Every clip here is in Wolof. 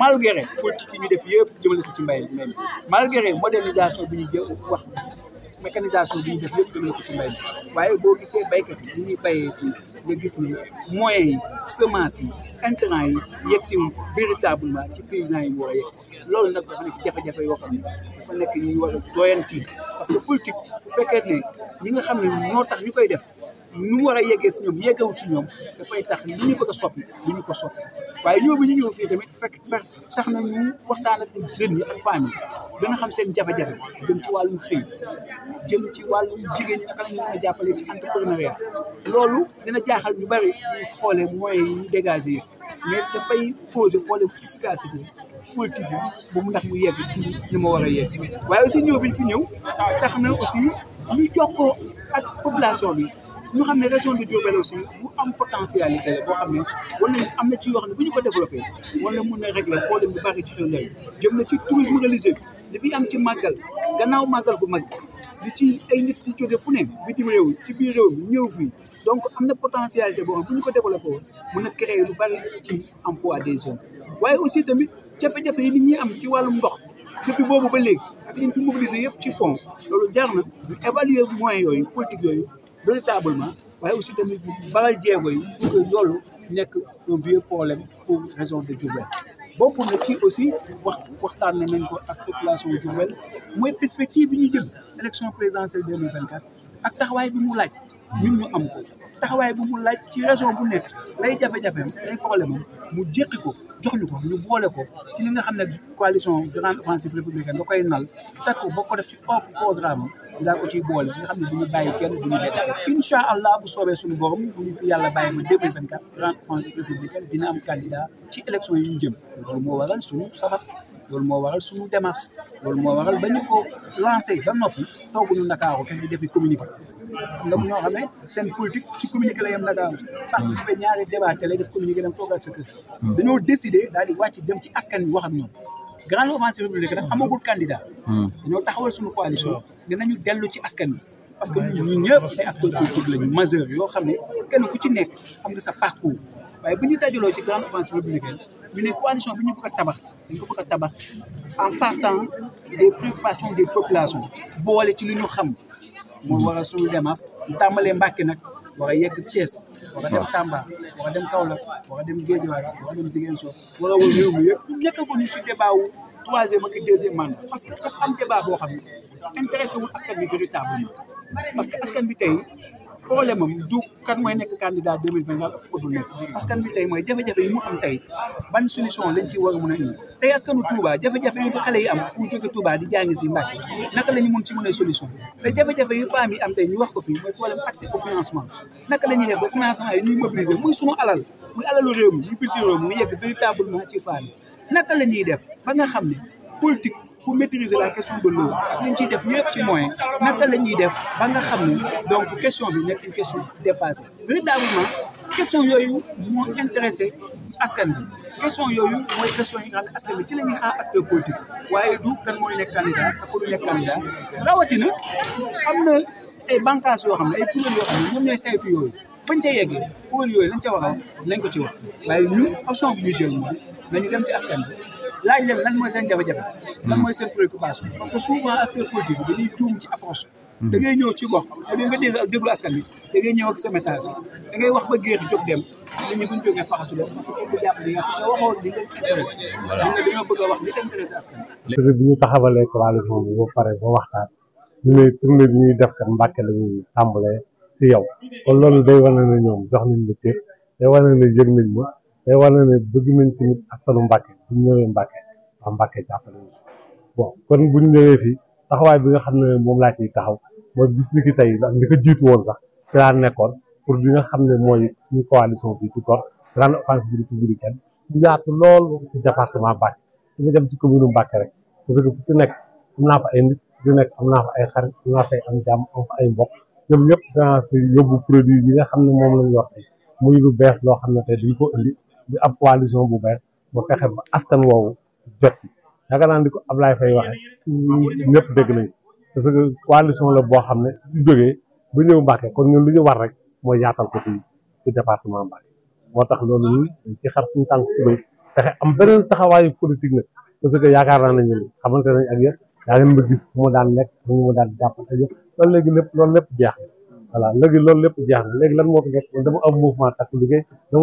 malgré politique yi ñu def yëpp jëmale ko ci mbay mi malgré modernisation bi ñu jël wax mécanisation bi ñu def yëpp jëmale ko ci mbay mi waaye boo gisee baykat yi ñuy bayee fii nga gis ne moyens yi semence yi intrant yi yegg si véritablement ci paysans yi ñu war loolu nag dafa nekk jafe-jafe yoo xam ne dafa nekk ñu war a doyanti parce que politique bu fekkee ne ñi nga xam ne ñoo tax ñu koy def. nu mu war a yeggee si ñoom yeggewu ci ñoom dafay tax li ñu ko a soppi li ñu ko soppi waaye ñoo bi ñu ñëw fii tamit fekk fekk tax na ñu waxtaan ak yi ak famille xam seen jafe-jafe jëm ci wàllum jëm ci wàllum jigéen ñi naka ci entrepreneuriat loolu dina jaaxal ñu bari xoolee moyens yi ñu yi mais dafay posé problème efficacité politique bi ba mu ndax mu yegg ci ni ma war a yegg waaye aussi ñëw bi ñu fi ñëw tax na aussi ñu jokkoo ak population bi ñu xam ne région de Diourbel aussi bu am potentialité la boo xam ne wala am na ci wax xam ne bu ñu ko développé wala mun na régler problème bu bari ci xew léegi jëm na ci tourisme religieux bi li fi am ci màggal gannaaw màggal gu mag li ci ay nit di jóge fu ne bitim réew ci biir réew ñëw fii donc am na potentialité boo xam bu ñu ko développé woon mun a créer lu bari ci des jeunes waaye aussi tamit jafe-jafe yi nit ñi am ci wàllum ndox depuis boobu ba léegi ak liñ fi mobilisé yëpp ci fon loolu jar na ñu évaluer moyens yooyu politique yooyu véritablement waaye aussi tamit balay jéego yi pour que loolu nekk un vieux problème pour région de Diourbel bokk na ci aussi wax waxtaan nañ ko ak population Diourbel mooy perspective bi ñu jëm élection présidentielle 2024 ak taxawaay bi mu laaj mu ñu am ko taxawaay bi mu laaj ci région bu nekk lay jafe-jafeem lay problème mu jéqi ko jox ñu ko ñu boole ko ci li nga xam ne coalition grande offensive républicaine da koy nal teg ko ba ko def ci offre programme daa ko ciy boole nga xam ne du ñu bàyyi kenn du ñu bett incha allah bu soobee suñu borom bu ñu fi yàlla bàyyi ma 2024 grande offensive républicaine dina am candidat ci élection yi ñu jëm loolu moo waral suñu safar loolu moo waral suñu démarche loolu moo waral ba ñu ko lancé ba noppi tooguñu Ndakaaru kenn di defi communiqué ndox ñoo xam ne seen politique ci communiqué la yem nag am ah, participer ñaari débat télé def communiqué dem toogal sa kër hmm. dañoo décider daal di wàcc dem ci askan wi wax ak ñoom grande offensive république nag amagul candidat hmm. dañoo taxawal suñu coalition hmm. dinañu dellu ci askan wi parce que ñun ñëpp ay acteurs politiques lañu majeur yoo xam ne kenn ku ci nekk am nga sa parcours waaye bu ñu dajaloo ci grande offensive républicaine ñu ne coalition bi ñu bëgg a tabax dañ ko bëgg a tabax des préoccupations des populations boole ci li ñu xam mu war a suul Demaas mu tàmbalee Mbàkke nag war a yegg Thiès war a dem Tamba war a dem Kaolack war a dem Guédiawaye war a dem Ziguinchor war a wër réew mi yëpp nekkaguñu si débat wu troisième ak deuxième mandat parce que dafa am débat boo xam ne intéressé wul askan bi véritablement parce que askan bi tey problème am du kan mooy nekk candidat deux mille vingt mooy jafe-jafe am tey ban solution lañ ci war a mën a indi tey askanu Touba jafe-jafe yi xale yi am pour jóge Touba di jàngi si Mbàkke naka la ñu mun ci mën a solution te jafe-jafe yu femmes yi am tey ñu wax ko fii mooy problème accès au financement naka la ñuy def ba financement yi ñuy mobiliser muy sunu alal muy alalu réew mi muy budget réew mi mu yegg véritablement ci femmes yi naka la def ba nga xam ne politique pour maîtriser la question de l'eau ak li ñu ciy def yëpp ci moyen naka la ñuy def ba nga xam ne donc question bi nekk une question dépassée véritablement question yooyu moo intéressé askan bi question yooyu mooy question yi nga xam ne askan bi ci la ñuy ak acteur politique waaye du kan mooy nekk candidat ak lu nekk candidat rawatina am na ay bànqaas yoo xam ne ay kuréel yoo xam ne ñoom ñooy saytu yooyu bañ ca yeggee kuréel yooyu lañ ca waral nañ ko ci wax waaye ñun option bi ñu jël mooy nañu dem ci askan bi laaj leen lan mooy seen jafe-jafe. Hmm. parce que souvent acteur politique bi dañuy ñëw ci gox da ñëw sa message da wax ba géex jóg dem bu ñu jógee faxasu dem parce que kenn du jàpp li nga parce que waxoon li nga intéressé. voilà wax li intéressé askan bi. ba pare ba waxtaan ñu ne tournée bi ñuy def kat Mbàkke la ñuy si yow kon loolu day wane ne ñoom jox nañ ma cër day wane ne yëg nañ ma day wane ne bëgg nañ tamit askanu Mbàkke bu ñu ñëwee Mbacke waa Mbacke jàppale bi nga xam ne moom laa ciy taxaw mooy bis ni tey li ko woon sax ci laa pour li nga xam ne mooy suñu coalition bi di gor grande offensive républicaine lool ci département Mbacke dem ci commune Mbacke rek nekk am naa ay nit di nekk am naa fa ay xarit yi nga xam ne moom lañ yor tey muy lu bees loo xam ne tey dañ di ab coalition bu bees ba fexe ba askan woowu jot ci yaakaar naa ko ko Ablaye fay waxe ñëpp dégg nañu parce que coalition la boo xam ne su bu ñëw Mbacke kon ñun lu ñu war rek moo yaatal ko ci ci département Mbacke moo tax loolu ñun ci xar suñu tànk tubéy fexe am beneen taxawaayu politique nag parce que yaakaar naa ne ñun xamante nañ ak yéen daa leen ma gis mu daan nekk fu mu daan jàpp ak yëpp loolu léegi lépp loolu lépp jeex na voilà léegi loolu lépp jeex na lan moo fi nekk dama am mouvement takku liggéey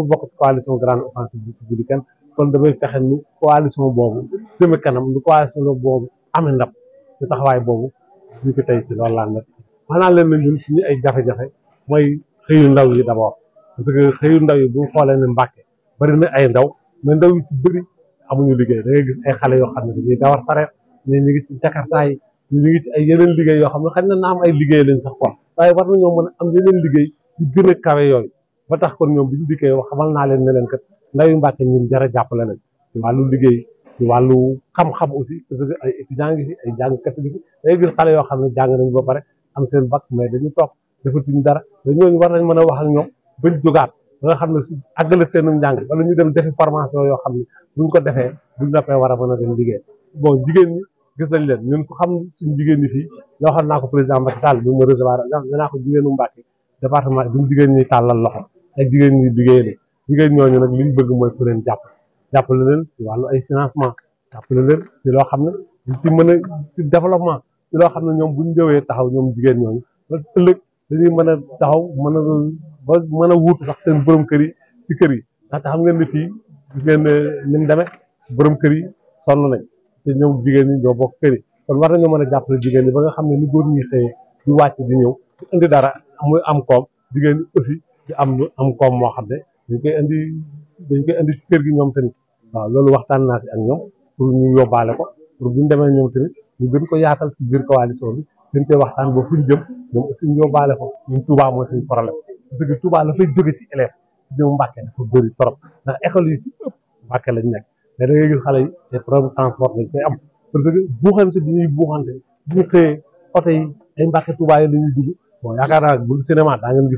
bokk ci coalition grande offensive républicaine kon damay fexe nu coalition boobu jëme kanam nu coalition boobu amee ndam ci taxawaay boobu suñu ko tey ci loolu laa leen na ñun suñu ay jafe-jafe mooy xëyu ndaw yi d'abord parce que xëyu ndaw yi bu ñu xoolee ne Mbàkke bari ay ndaw mais ndaw yi ci bëri amuñu liggéey da ngay gis ay xale yoo xam ne dañuy dawar sareet ñii ñu ngi ci jakartaa yi ñii ñu ngi ci liggéey yoo xam ne xëy na na am liggéey lañ sax quoi waaye war nañoo mën a yeneen liggéey yu gën a kawe yooyu ba tax kon ñoom bi ñu dikkee wax xamal naa leen ne leen ndawi Mbàkke ñun dara jàppale nañ ci wàllu liggéey ci wàllu xam-xam aussi parce que ay étudiants ngi fi ay jàngkat yoo xam ne jàng nañ ba pare am seen bac mais dañu toog defatuñ dara te ñooñu war nañ mën a wax ñoom bañ jógaat ba nga xam ne su àggale seen njàng wala ñu dem defi formation yoo xam ne buñ ko defee buñ noppee war a mën a dem liggéey bon jigéen ñi gis nañ leen ñun ko xam suñu jigéen ñi fii loo xam naa ko président Macky Sall bi ma recevoir naa ko jigéenu Mbàkke département bi mu jigéen ñi tàllal loxo ak jigéen ñi liggéey jigéen ñooñu nag liñ bëgg mooy ku leen jàpp la leen si wàllu ay financement jàppale leen si loo xam ne ñu ci mën a loo xam ne ñoom buñ ñëwee taxaw ñoom jigéen ñooñu ba ëllëg dañuy mën a taxaw mën a ba mën a sax seen borom kër yi ci kër yi ndaxte xam ngeen ne fii gis ngeen ni mu demee borom kër yi sonn nañ te ñoom jigéen ñi ñoo bokk kër yi kon war nañoo mën a jàppale jigéen ñi ba nga xam ne ni góor ñuy xëyee di wàcc di ñëw di indi dara muy am koom jigéen ñi aussi di am am koom moo xam ne dañ koy indi dañ koy indi kër gi ñoom tamit waaw loolu waxtaan naa si ak ñoom pour yo baale ko pour bu ñu demee ñoom tamit ñu gën ko yaatal ci biir coalition bi gën koy waxtaan ba fu ñu jëm ñoom aussi ñu yóbbaale ko ñun Touba mooy suñu problème parce que Touba la fay jóge ci élève ñoom Mbàkke dafa bëri trop ndax école yi ci ëpp Mbàkke lañ nekk da ngay gis xale yi des problèmes transport lañ am parce que bi ñuy buuxante bu ñu xëyee oto yi ay Mbàkke Touba yi la ñuy dugg bon yaakaar naa bu cinéma daa ni mu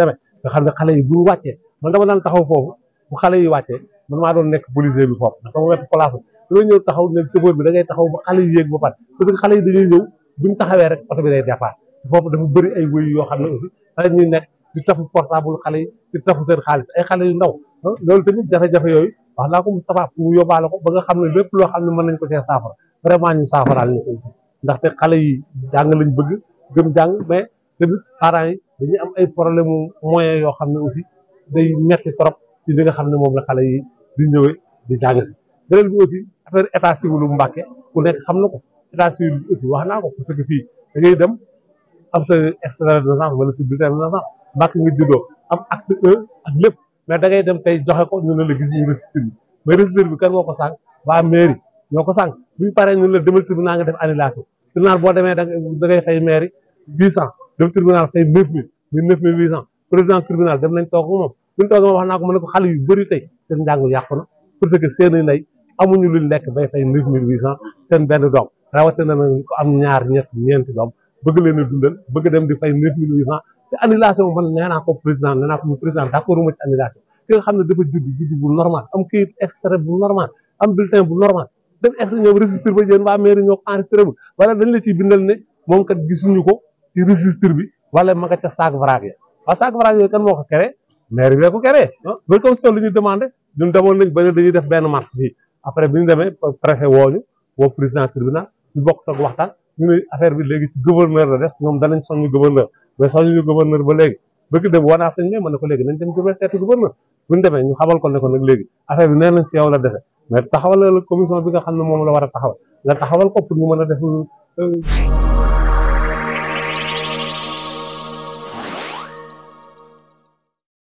demee nga xam ne xale yi bu ñu man dama daan taxaw foofu bu xale yi wàccee man maa doon nekk policier bi foofu ndax sama wetu place bi looy ñëw taxaw ne chauffeur bi da ngay taxaw ba xale yi yéeg ba pare parce que xale yi dañuy ñëw taxawee rek oto bi day départ foofu xam ne aussi xale ñuy nekk di tafu portable xale yi di tafu seen xaalis ay xale yu ndaw loolu tamit jafe-jafe yooyu wax naa ko Moustapha mu yóbbaale ko ba nga xam ne lépp loo xam ne mën nañ ko cee saafara vraiment ñu saafaraal ñu ko aussi yi jàng lañ bëgg gëm jàng mais tamit parents yi dañuy am ay problème moyen yoo xam ne aussi day metti trop ci li nga xam ne moom la xale yi di ñëwee di jàng si beneen bi aussi affaire état civil Mbàkke ku nekk xam na ko état civil bi aussi ko parce que fii dagay dem am sa extrait de naissance wala sa bulletin de naissance Mbàkke nga juddoo am acte E ak lépp mais dem tey joxe ko ñu ne la gis ñu registre bi mais registre bi kan moo ko sànq waa mairie ñoo ko sànq bu ñu paree la demal tribunal nga def annulation tribunal boo demee da ngay fay mairie huit cent dem tribunal fay neuf mille muy neuf mille huit nañ toog bi mu toogee wax naa ko ma ne ko xale yu bëri tey seen njàng yàqu na parce que seen i lay amuñu lekk bay fay neuf mille huit cent seen benn doom rawatina na ko am ñaar ñett ñeenti doom bëgg leen a dundal bëgg dem di fay neuf mille huit cent te annulation man nee naa ko président nee naa ko président d'accord ma ci annulation ki nga xam ne dafa judd judd bu normal am kayit extrait bu normal am bulletin bu normal dem extrait ñoom registre ba yéen waa mairie ñoo ma nga ca sac vrac ya waaw sac vrac yooyu kan ko créé maire bi ko keree ah. ba commission li ñu demandé ñun demoon nañ def benn marche fii après bi ñu demee préfet wooñu woo président tribunal ñu bokk toog waxtaan ñu ne affaire bi léegi ci gouverneur la des ñoom danañ soññu gouverneur mais soññu gouverneur ba léegi bëgg dem woo naa sëñ mais man ko léegi nañ dem gouverneur seeti gouverneur bu ñu demee ñu ko ne ko nag léegi affaire bi nee nañ si yow la dese mais taxawal la commission bi nga xam ne moom la war a taxawal nga taxawal ko pour ñu mën a def euh,